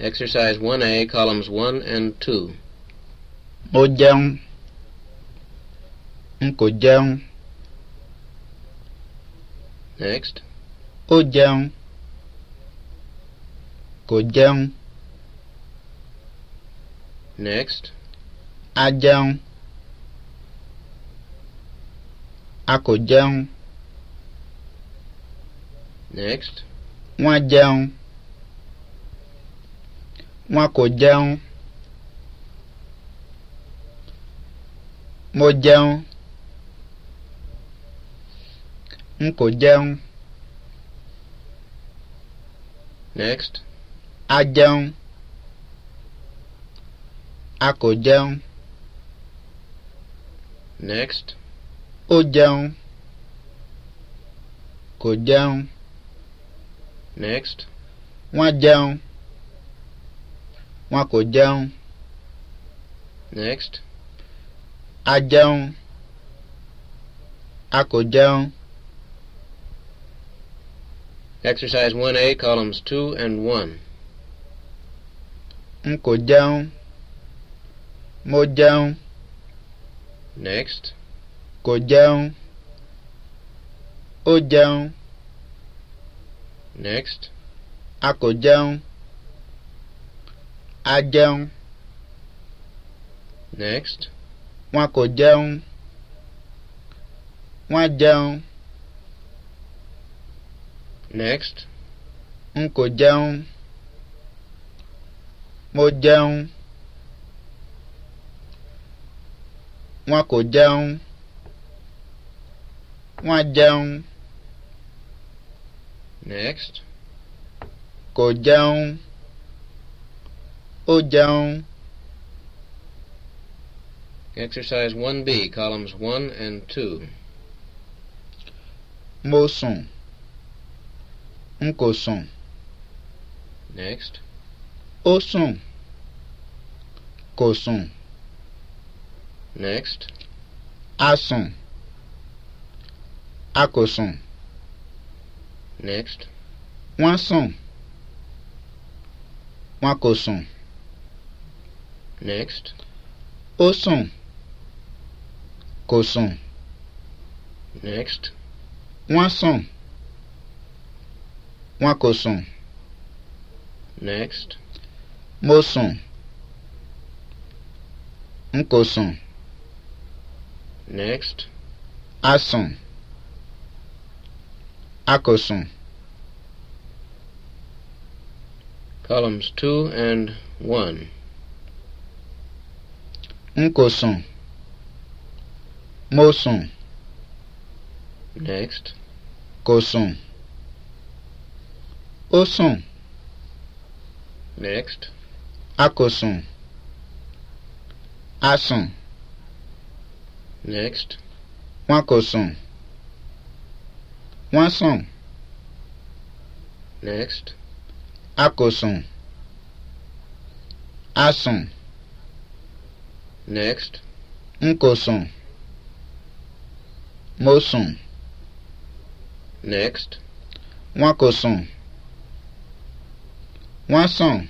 Exercise 1A, columns 1 and 2. Mo jẹun. N jẹun. Next. Ó jẹun. Kò jẹun. Next. A jẹun. A kò jẹun. Next. Wọ́n jẹun. wọn kò jẹun mo jẹun n kò jẹun. next. a jẹun a kò jẹun. next. ó jẹun kò jẹun. next. wọ́n jẹun. wọn kò jẹun. next. a jẹun. a kò jẹun. exercise 1A columns 2 and 1. n kò jẹun. mo jẹun. next. kò jẹun. ó jẹun. next. a kò jẹun. a jẹun. next. wọn kò jẹun. wọ́n jẹun. next. n kò jẹun. mo jẹun. wọn kò jẹun. wọ́n jẹun. next. kò jẹun. ó oh, jẹun. Exercise 1B, columns 1 and 2. Mo sùn. Next. Ó sùn. Kò Next. A sùn. A kò Next. Wọ́n sùn. kò Next. Oson. Coson. Next. Moisson. Moicoson. Next. Mosson. Nkoson. Next. Asson. Akoson. Columns 2 and 1. n kò sùn mo sùn. next. kò sùn ó sùn. next. a kò sùn a sùn. next. wọn kò sùn wọ́n sùn. next. a kò sùn a sùn. Next. Nkoson. Moson. Next. Wakoson. wanson.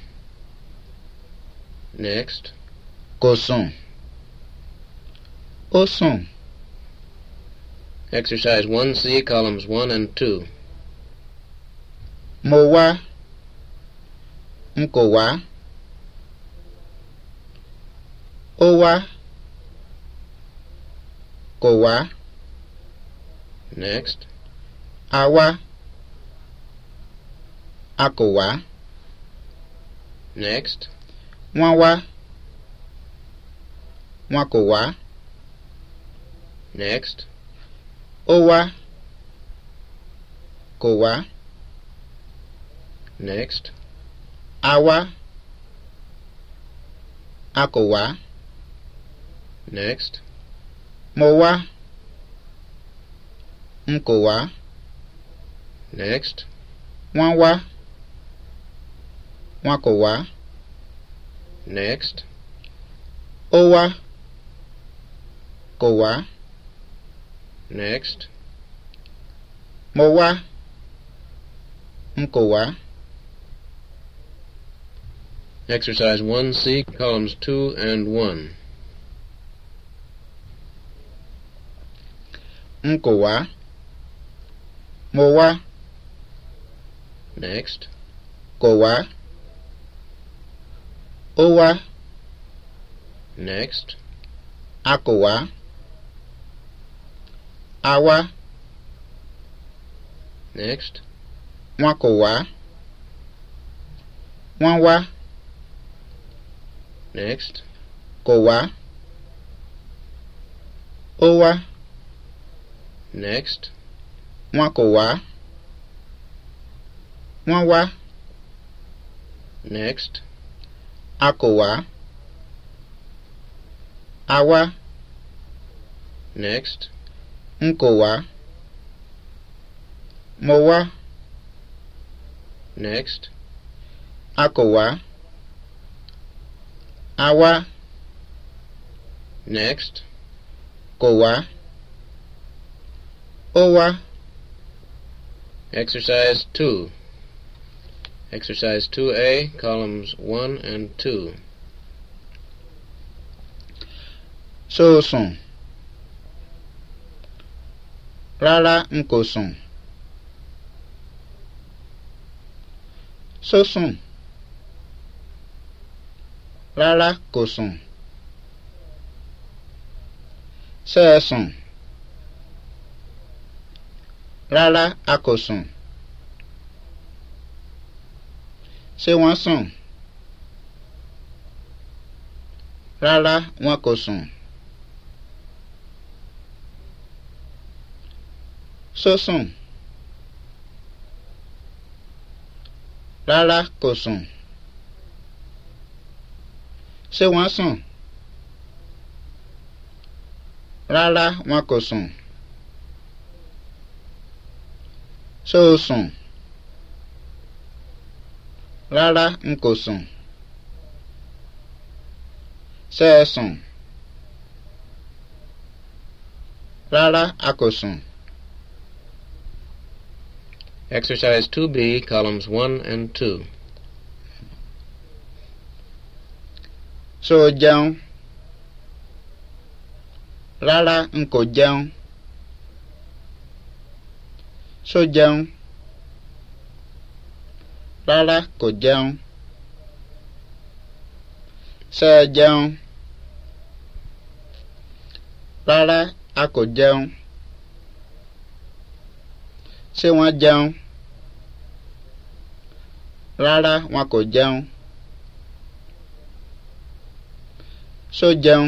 Next. Koson. Oson. Exercise 1C, columns 1 and 2. Mowa. wa. ó wá kò wá. next. a wá a kò wá. next. wọ́n wá wọn kò wá. next. ó wá kò wá. next. a wá a kò wá. Next. Mowa. Nkowa. Next. Wanwa. Wakowa. Next. Owa. Kowa. Next. Mowa. Nkowa. Exercise 1C, columns 2 and 1. n kò wá mo wá. next. kò wá. ó wá. next. a kò wá. a wá. next. wọn kò wá. wọ́n wá. next. kò wá. ó wá. Next. Wọn kò wá. Wọ́n wá. Next. A kò wá. A wá. Next. N kò wá. Mo wá. Next. A kò wá. A wá. Next. Kò wá. Owa. Exercise 2. Exercise 2A, columns 1 and 2. So sùn. Rárá n kò So song. Rárá kò sùn. Ṣé ẹ Rárá, a kò sùn. Ṣé wọ́n sùn? Rárá, wọn kò sùn. Ṣó sùn? Rárá, kò sùn. Ṣé wọ́n sùn? Rárá, wọn kò sùn. So o sùn? Rárá, n kò sùn. Ṣé ẹ sùn? Rárá, a kò sùn. Exercise 2B, columns 1 and 2. So o jẹun? Rárá, n Ṣó jẹun? Rárá kò jẹun. Ṣé ẹ jẹun? Rárá a kò jẹun. Ṣé wọ́n jẹun? Rárá wọn kò jẹun. Ṣó jẹun?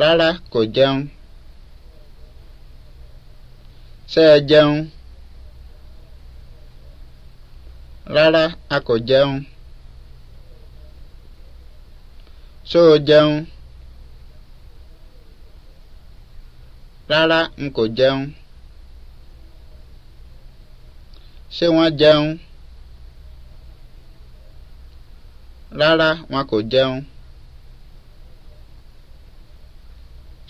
Rárá kò jẹun ṣé ẹ jẹun rárá a kò jẹun ṣó o jẹun rárá n kò jẹun ṣé wọ́n jẹun rárá wọn kò jẹun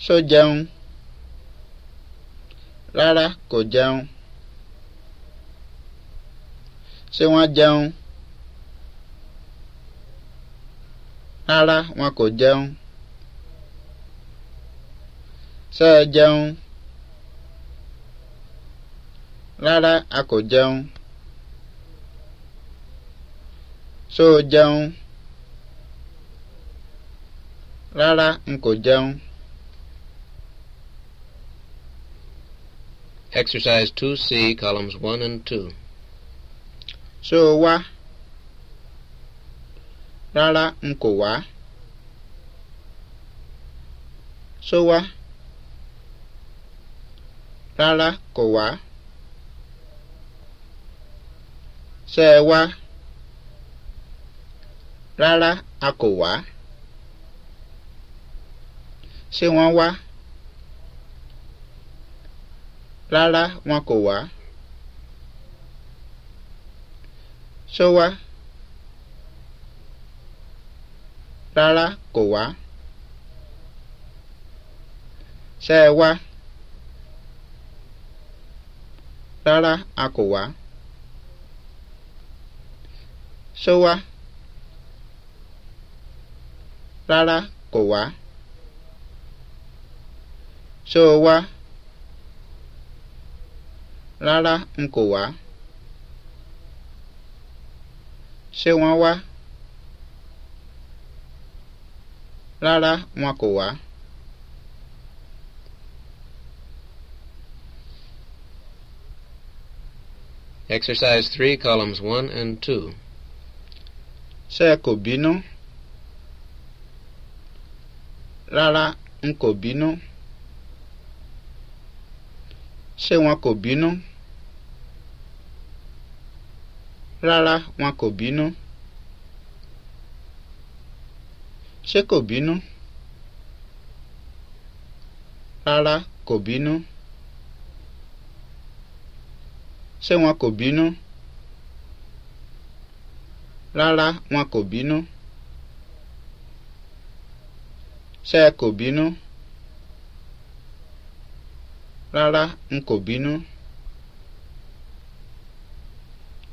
ṣó jẹun. So, Rárá, kò jẹun. Ṣé wọ́n jẹun? Rárá, wọn kò jẹun. Ṣé ẹ jẹun? Rárá, a kò jẹun. Ṣé o jẹun? Rárá, n kò jẹun. Exercise 2C, columns 1 and 2. So wá? Rárá, n wá. Ṣó wá? Rárá, kò wá. Ṣé wá? Rárá, a wá. Ṣé wọ́n wá? Rárá, wọn kò wá. Ṣó wá? Rárá, kò wá. Ṣé ẹ wá? Rárá, a kò wá. Ṣó wá? Rárá, kò wá. Ṣó wá? Rárá, n kò wá. Ṣé wọn wá? Rárá, wọn kò wá. Exercise 3, columns 1 and 2. Ṣé kò bínú? Rárá, n kò bínú. Ṣé wọn kò bínú? Rárá, wọn kò bínú. Ṣé kò bínú? Rárá, kò bínú. Ṣé wọn kò bínú? Rárá, wọn kò bínú. Ṣé kò bínú? Rárá, n kò bínú.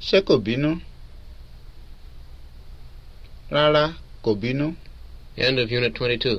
Ṣé kò bínú? Rárá, kò bínú. End of Unit Twenty Two.